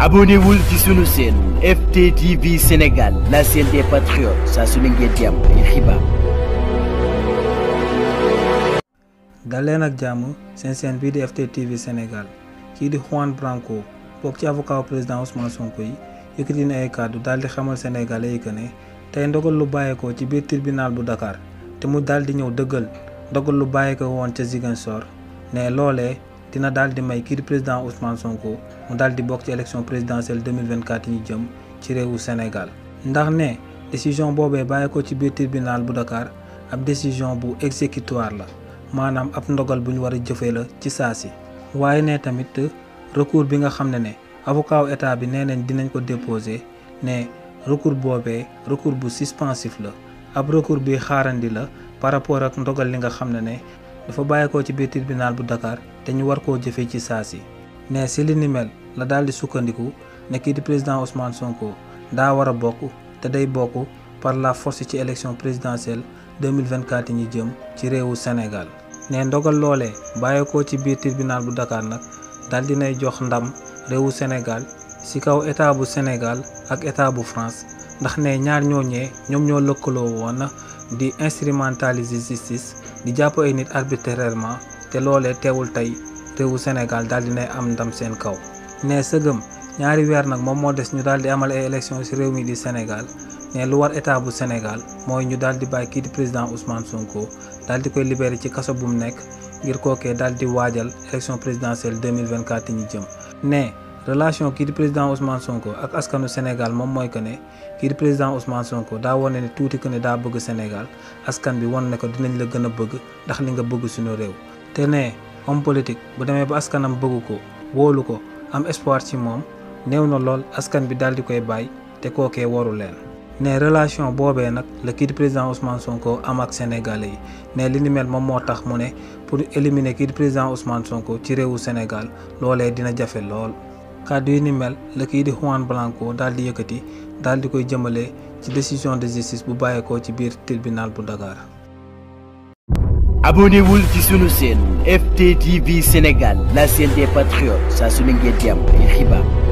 Abonnez-vous sur sunu chaîne FTTV Sénégal la chaîne des patriotes Ça se met bien. am ay xibaar. daleen ak jàmm seen chaîne bii FTTV Sénégal Qui est Juan Branco pour qui avocat au président Ousmane Sonko qui est un cadre yi yëkkati na ay kàddu daal di xamal sénégalais yi que ne tey ndogal lu bàyyeekoo ci biir tribunal bu Dakar te mu daal di ñëw dëggal ndogal lu bàyyeekoo woon ca Ziguinchor ne loolee. dina daal di may président Ousmane Sonko mu daal di ci élection présidentielle 2024 ñi jëm ci réewu Sénégal. ndax né décision Bobé Baye ko ci biir tribunal bu Dakar ab décision bu exécutoire la manam ab ndogal bu ñu war a la ci saa si né tamit recours bi nga xamné né avocat état bi nee nañ dinañ ko déposer né recours Bobé, recours bu suspensif la ab recours bi xaarandi la par rapport ak ndogal li nga xamné ne dafa bàyyi ko ci biir tribunal bu Dakar. Nous ñu war ko jëfé ci ne li ni mel la dal di sukkandiku né di président Ousmane Sonko da war bokku té par la force ci élection présidentielle 2024 yi jëm Sénégal Né ndogal bayé ko ci biir tribunal bu Dakar nag daal nay jox ndam réewu Sénégal ci kaw état bu Sénégal ak état bu France ndax né ñaar ñoñé ñom fait di instrumentaliser justice di jàpp ay nit arbitrairement te loolee teewul tey réewu Sénégal daal di nay am ndam seen kaw ne sëgëm ñaari weer nag moom moo des ñu daal di amal ay élection réew mi di Sénégal ne lu war état bu Sénégal mooy ñu daal di bàyyi kii di président Ousmane Sonko daal di koy libéré ci kaso bu mu nekk ngir kookee daal di waajal élection présidentielle 2024 yi ñu jëm ne relation kii di président Ousmane Sonko ak askanu Sénégal moom mooy que ne kii di président Ousmane Sonko daa wane ne tuuti que ne daa bëgg Sénégal askan bi wan ko dinañ la gën a bëgg ndax li nga bëgg suñu réew te ne homme politique bu demee ba askanam bëgg ko woolu ko am espoir ci moom néew na lool askan bi daal di koy bàyyi te kookee waru leen. ne relation boobee nag la kii di président Ousmane Sonko am ak sénégalais yi ne li ni mel moom moo tax mu ne pour éliminer kii président Ousmane Sonko ci réewu Sénégal loolee dina jafe lool. kàddu yi ni mel la kii di Juan Branco daal di yëkkati daal di koy jëmale ci décision de justice bu bàyyeekoo ci biir tribunal bu Dakar. abonnez vous sur notre chaîne FTTV Sénégal la chaîne des patriotes Ça su ne